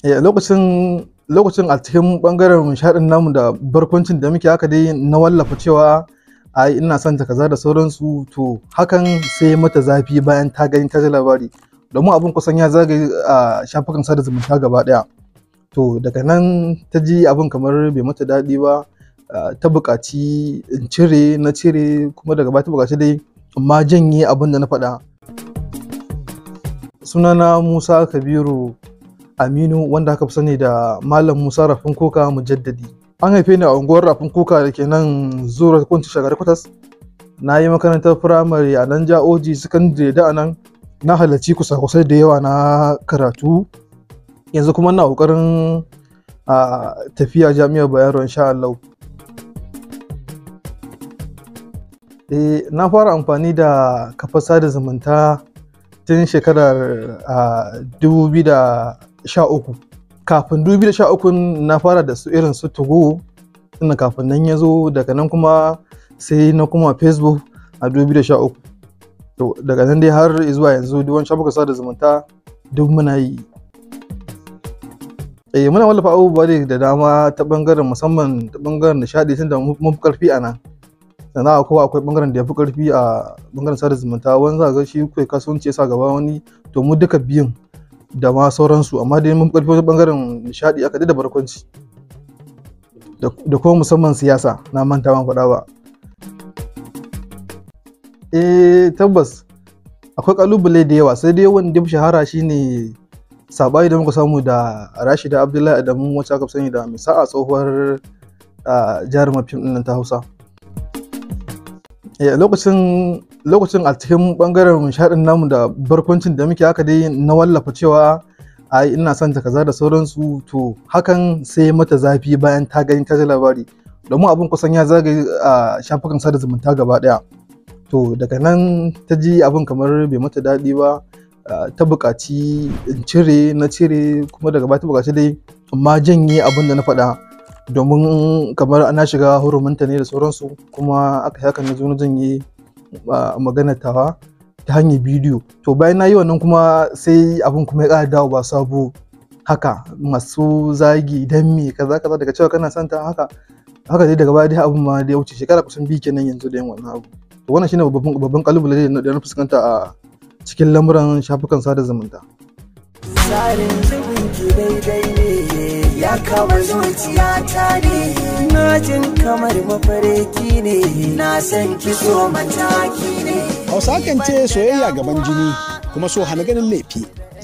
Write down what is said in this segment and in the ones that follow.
Eh, lokacin a cikin bangaren shaɗin namu da barkwancin da muke haka dai na wallafa cewa ai ina son ta kaza da sauransu to hakan sai mata zafi bayan ta gani ta ji labari domin abin kusan ya zagaye a shafukan sada zumunta gaba daya to daga nan ta ji abin kamar bai mata daɗi ba ta buƙaci in cire na cire kuma daga baya ta buƙaci dai amma janye abin da na faɗa sunana musa kabiru Aminu wanda aka fi sani da Malam Musa Rafin Kuka Mujaddadi. An haife ni a unguwar Rafin Kuka da ke nan Zura Kunci Shagari Kwatas. Na yi makarantar firamare a nan Ja'oji sakandare da nan na halarci kusa-kusai da yawa na karatu. Yanzu kuma na ƙoƙarin a tafiya jami'ar Bayero insha Allah. E, eh, na fara amfani da kafasa da zumunta tun shekarar 2000 2013 kafin 2013 na fara da su irin su togo tunda kafin nan ya zo daga nan kuma sai na kuma facebook a 2013 to daga nan dai har zuwa yanzu duk wani sa sada zumunta duk muna yi eh muna wallafa abubuwa ne da dama ta bangaren musamman ta bangaren nishadi tunda mun fi karfi a nan sannan kowa akwai bangaren da ya fi karfi a bangaren sada zumunta wani za ga shi kai kasuwanci ya sa gaba wani to mu duka biyun da ma sauransu amma dai mun karfi wajen bangaren nishadi aka da barkwanci da kuma musamman siyasa na manta man faɗa ba eh tabbas akwai kalubale da yawa sai dai wanda ya shahara shine sabai da muka samu da rashida abdullahi adamu wacce aka sani da mai sa'a tsohuwar ah, jarumar fim ta hausa eh, a lokacin lokacin a cikin bangaren shaɗin namu da barkwancin da muke haka dai na wallafa cewa ai ina son ta kaza da sauransu to hakan sai mata zafi bayan ta gani ta ji labari domin abin kusan ya zagaye a shafukan sada zumunta gaba daya to daga nan ta ji abin kamar bai mata daɗi ba ta buƙaci in cire na cire kuma daga baya ta buƙaci dai amma janye abin da na faɗa domin kamar ana shiga huruminta ne da sauransu kuma aka yi hakan na zo na janye magana tawa ta hanyar bidiyo to bayan na yi wannan kuma sai abin kuma ya ƙara dawo ba sabo haka masu zagi idan me kaza kaza daga cewa kana santa haka haka dai daga baya dai abin ma da ya wuce shekara kusan biyu kenan yanzu da yin wannan abu to wannan shine babban babban kalubale da na fuskanta a cikin lamuran shafukan sada zumunta. ki daidai ne ya kama zuciya ta ne na jin kamar mafarki ne na san ki mataki ne hausa kan ce soyayya gaban jini kuma so hana ganin laifi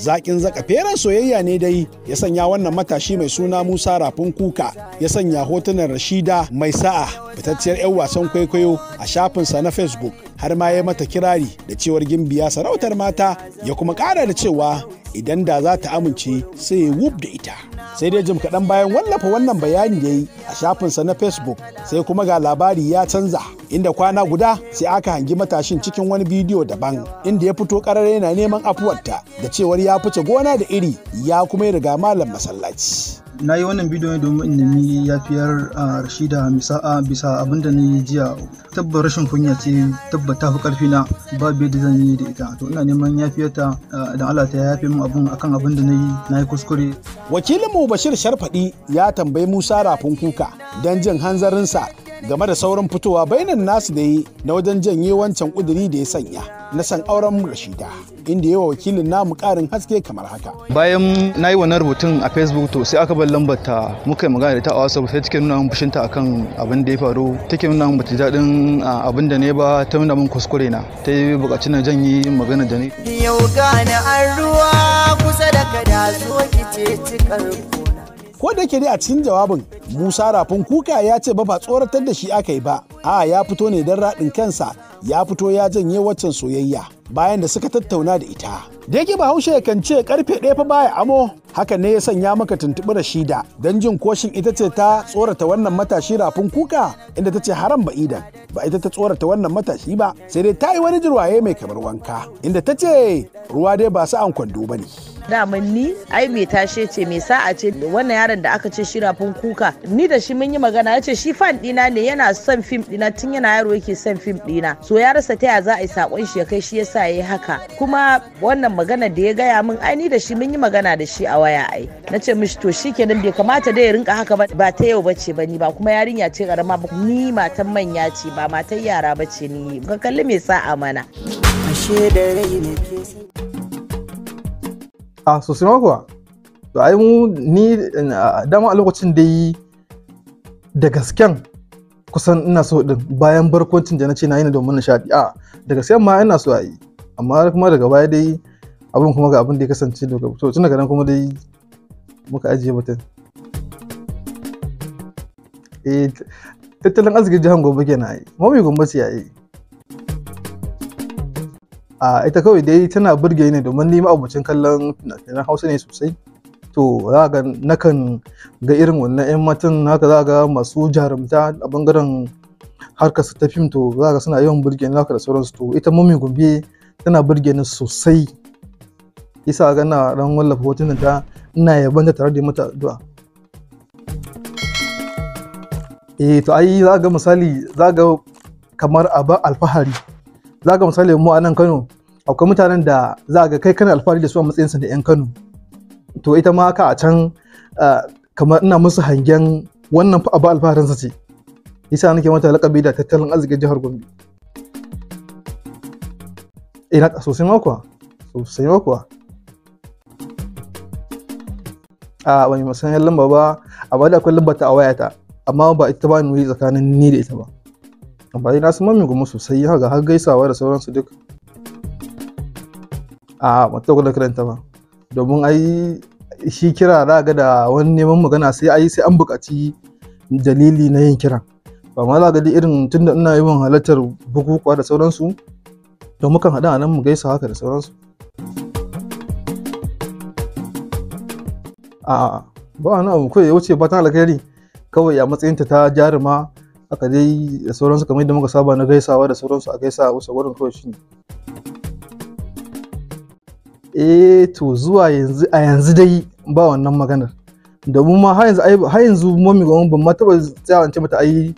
zakin zaka feren soyayya ne dai ya sanya wannan matashi mai suna musa rafin kuka ya sanya hotunan rashida mai sa'a fitacciyar 'yan wasan kwaikwayo a shafinsa na facebook har ma ya mata kirari da cewar gimbiya sarautar mata ya kuma kara da cewa idan da za ta amince sai ya wub da ita sai dai jim kaɗan bayan wallafa wannan bayani ya yi a shafinsa na facebook sai kuma ga labari ya canza inda kwana guda sai aka hangi matashin cikin wani bidiyo daban inda ya fito ƙarar yana neman afuwarta da cewar ya fice gona da iri ya kuma yi riga malam masallaci na yi wannan bidiyo ne domin in nemi yafiyar rashida misa'a bisa abin da ni jiya tabbar rashin kunya ce tabbata fi karfi na ba babu da zan yi da ita to ina neman yafiyar ta da Allah ta yafe min abun akan abin da na yi na yi kuskure wakilin mu Bashir Sharfadi ya tambayi Musa Rafin Kuka don jin hanzarinsa game da sauran fitowa bainan nasu da yi na wajen janye wancan kuduri da ya sanya na san auren rashida inda yawa wakilin namu karin haske kamar haka bayan na yi wannan rubutun a facebook to sai aka bar lambar ta muka yi magana da ta a wasa sai take nuna min fushinta akan abin da ya faru take nuna min bata daɗin abin da ne ba ta nuna min kuskure na ta yi bukaci na janye magana da ni yau gane an ruwa kusa da kada so cikar ko da ke dai a cikin jawabin Musa Rafin Kuka ya ce ba ba tsoratar da shi aka yi ba, a ya fito ne don raɗin kansa ya fito ya janye waccan soyayya bayan da suka tattauna da ita. da yake bahaushe kan ce karfe ɗaya fa baya amo haka ne ya sanya maka tuntuɓi shida don jin koshin ita ce ta tsorata wannan matashi rafin kuka inda ta ce haram ba idan ba ita ta tsorata wannan matashi ba sai dai ta yi wani jirwaye mai kamar wanka inda ta ce ruwa dai ba su an kwando ba ne daman ni ai mai tashe ce mai sa'a ce wannan yaron da aka ce shi rafin kuka ni da shi mun yi magana ya ce shi fan ɗina ne yana son fim ɗina tun yana yaro yake son fim ɗina so ya rasa ta ya za a yi saƙon shi ya kai shi yasa ya yi haka kuma wannan magana da ya gaya min ai ni da shi mun yi magana da shi a waya ai na ce mishi to shi kenan bai kamata da ya rinka haka ba ba ta yau bace ba ni ba kuma yarinya ce karama ba ni matan manya ce ba matan yara bace ni ka kalli me sa'a mana ashe da rai ne ke a ah, sosai kuwa to ai mu ni dama a lokacin da yi da gasken kusan ina so din bayan barkwancin da na ce na yi domin nishaɗi a da gaskiya ma ina so a yi amma kuma daga baya dai abin kuma ga abin da ya kasance daga to tun daga nan kuma dai muka ajiye mutum eh, tattalin arzikin jihar Gombe na yi. mami Gombe ce ai a ita kawai dai tana burge ni domin ni abincin kallon fina Hausa ne sosai to za ga nakan ga irin wannan 'yan matan haka za ga masu jarumta a bangaren harkar su ta fim to za ga suna yawan burge ni haka da sauransu to ita mami gombe tana burge ni sosai isa ga na ran wallafa hotunan ta ina yaban ta tare da mata addu'a eh to ai za ga misali za ga kamar aba alfahari za ga misali mu a nan Kano akwai mutanen da za ga kai kana alfahari da su a matsayinsa da yan Kano to ita ma haka a can kamar ina musu hangen wannan fa aba alfaharinsa ce yasa nake mata lakabi da tattalin arzikin jihar Gombe ina eh sosai ma kuwa sosai ma kuwa a wani musayan lamba ba amma da akwai lamba ta a wayata amma ba ita ba ni tsakanin ni da ita ba amma dai na san mami gumu sosai ga har gaisawa da sauransu duk a mata kula karanta ba domin ai shi kira za ga da wani neman magana sai ai sai an buƙaci dalili na yin kiran ba ma za ga dai irin tunda ina yawan halartar bukukuwa da sauransu don mukan haɗa nan mu gaisa haka da sauransu a ba wani abu kawai ya wuce ba ta alkhairi kawai a matsayinta ta jaruma aka dai da sauransu kamar yadda muka saba na gaisawa da sauransu a gaisa a wasu gurin kawai shine eh to zuwa yanzu a yanzu dai ba wannan maganar mu ma har yanzu mu yanzu mami gwamnati ban ma taba tsaya an ce mata ai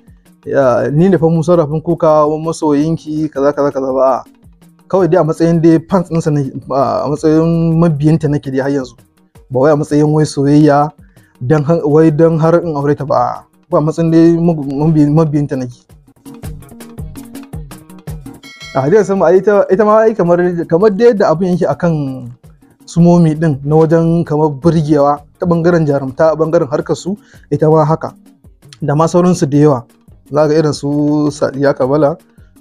ni ne fa mu sarrafin kuka masoyinki kaza kaza kaza ba kawai dai a matsayin dai fans ɗinsa a matsayin mabiyanta nake dai har yanzu ba wai a matsayin wai soyayya dan wai dan har in aure ta ba ba matsayin dai mabiyin ta nake a hadiyar sama a ita ma ai kamar kamar da yadda abin yake akan sumomi din na wajen kamar burgewa ta bangaren jarumta a bangaren harkar su ita ma haka da ma sauransu da yawa za ga irin su sadiya kabala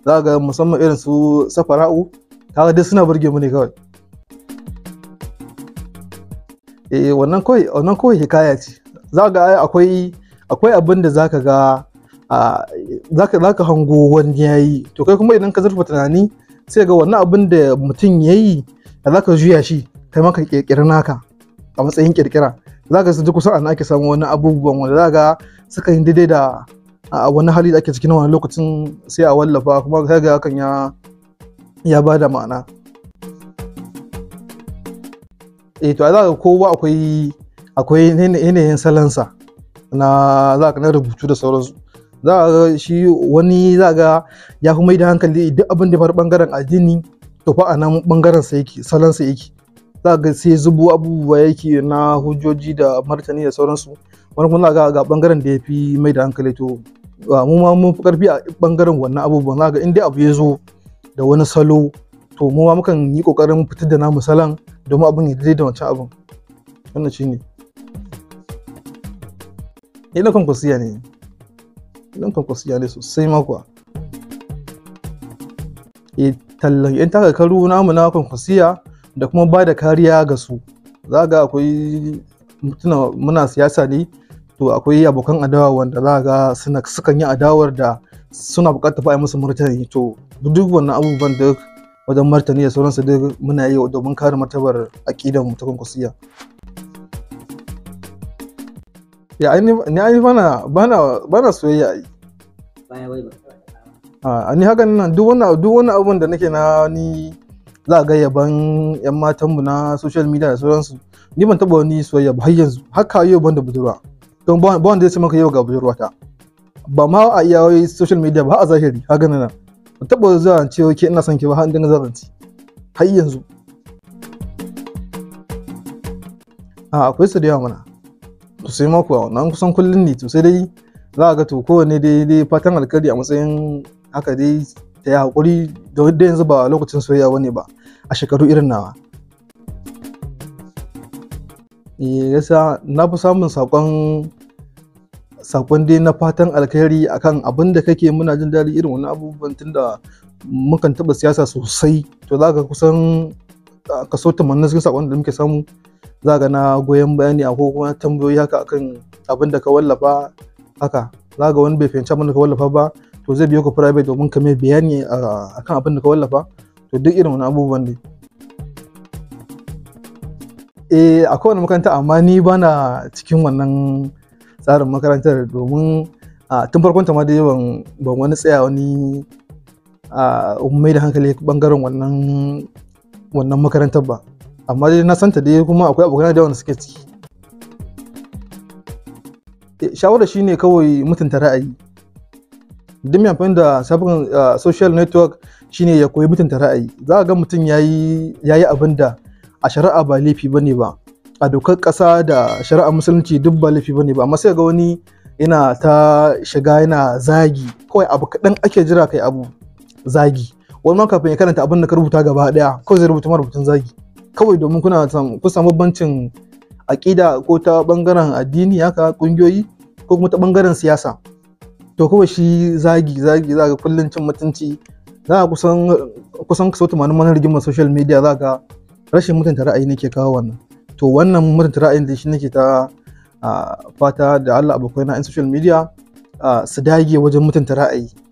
za ga musamman irin su safara'u Ta duk suna burge mu ne kawai eh wannan kawai wannan kawai hikaya ce za ga akwai akwai abin da zaka ga zaka zaka hango wani yayi to kai kuma idan ka zurfa tunani sai ga wannan abin da mutum yayi da zaka juya shi kai maka kirkira naka a matsayin kirkira zaka su kusan ana ake samu wani abubuwan wanda ga suka yi daidai da wani hali da ake cikin wani lokacin sai a wallafa kuma ga hakan ya ya bada ma'ana eh to za ka kowa akwai akwai yanayin salansa na za ka na rubutu da sauransu za ka ga shi wani za ga ya fi mai da hankali duk abin da far bangaren addini to fa a nan bangaren sa yake salansa yake za ga sai zubo abubuwa yake na hujjoji da martani da sauransu wani kuma za ga bangaren da ya fi mai da hankali to mu ma mun fi karfi a bangaren wannan abubuwan za ga in dai abu ya zo da wani salo to mu ma mukan yi kokarin fitar da namu salon domin abin ya daidai da wancan abin wannan eh, ne ina kan kwasiya ne ina kan kwasiya ne sosai makwa. kuwa e tallan yan taka karu namu na kan kwasiya da kuma ba da kariya ga su za ga akwai mutuna muna siyasa ne to akwai abokan adawa wanda za ga suna sukan yi adawar da suna bukatar ba a musu martani to duk wannan abubuwan duk wajen martani da sauransu duk muna yi domin kare martabar aƙidar mu ta kwankwasiya ya ni ai bana bana bana soyayya ai a ni haka nan duk wannan duk wannan abun da nake na ni za ga yaban yan matan mu na social media da sauransu ni ban taba wani soyayya ba har yanzu haka yau ban da budurwa don ba wanda zai ce maka yau ga budurwata ba ma a iyawai social media ba a zahiri haka nan ban taɓa zuwa ce ke ina son ki ba har dinga zazanci har yanzu a akwai su da yawa mana to sai ma kuwa wannan kusan kullun ne to sai dai za a ga to kowane dai dai fatan alkari a matsayin haka dai ta yi haƙuri da wadda yanzu ba lokacin soyayya ne ba a shekaru irin nawa eh, na fi samun saƙon sakon dai na fatan alkhairi akan abin da kake muna jin daɗi irin wani abubuwan tunda mukan taɓa siyasa sosai to za ka kusan kaso tamanin cikin sakon da muke samu za ka na goyon bayani a kuma tambayoyi haka akan abin da ka wallafa haka za ga wani bai fahimci abin da ka wallafa ba to zai biyo ka private domin ka mai bayani akan abin da ka wallafa to duk irin wani abubuwan ne eh akwai wani makaranta amma ni bana cikin wannan tsarin makarantar domin a tun farkon ta ma dai ban wani tsaya wani mai da hankali bangaren wannan wannan makarantar ba amma dai na santa dai kuma akwai abokan da wanda suke ciki e, shawara shine kawai mutunta ra'ayi duk mai amfani da sabon social network shine ya koyi mutunta ra'ayi za a ga mutum ya yi abin da a shari'a ba laifi ba ne ba a dokar ƙasa da shari'ar musulunci duk ba laifi ne ba amma sai ga wani yana ta shiga yana zagi kawai abu kaɗan ake jira kai abu zagi wani ma kafin ya karanta abin da ka rubuta gaba ɗaya kawai zai rubuta rubutun zagi kawai domin kuna kun samu bancin aƙida ko ta ɓangaren addini haka ƙungiyoyi ko kuma ta ɓangaren siyasa to kawai shi zagi zagi za kullum cin mutunci za ka kusan kusan kaso tumanin manar rigimar social media za ga rashin mutunta ra'ayi ne ke kawo wannan to wannan mutunta ra'ayin da shi nake ta ah, fata da Allah abokaina in social media ah, su dage wajen mutunta ra'ayi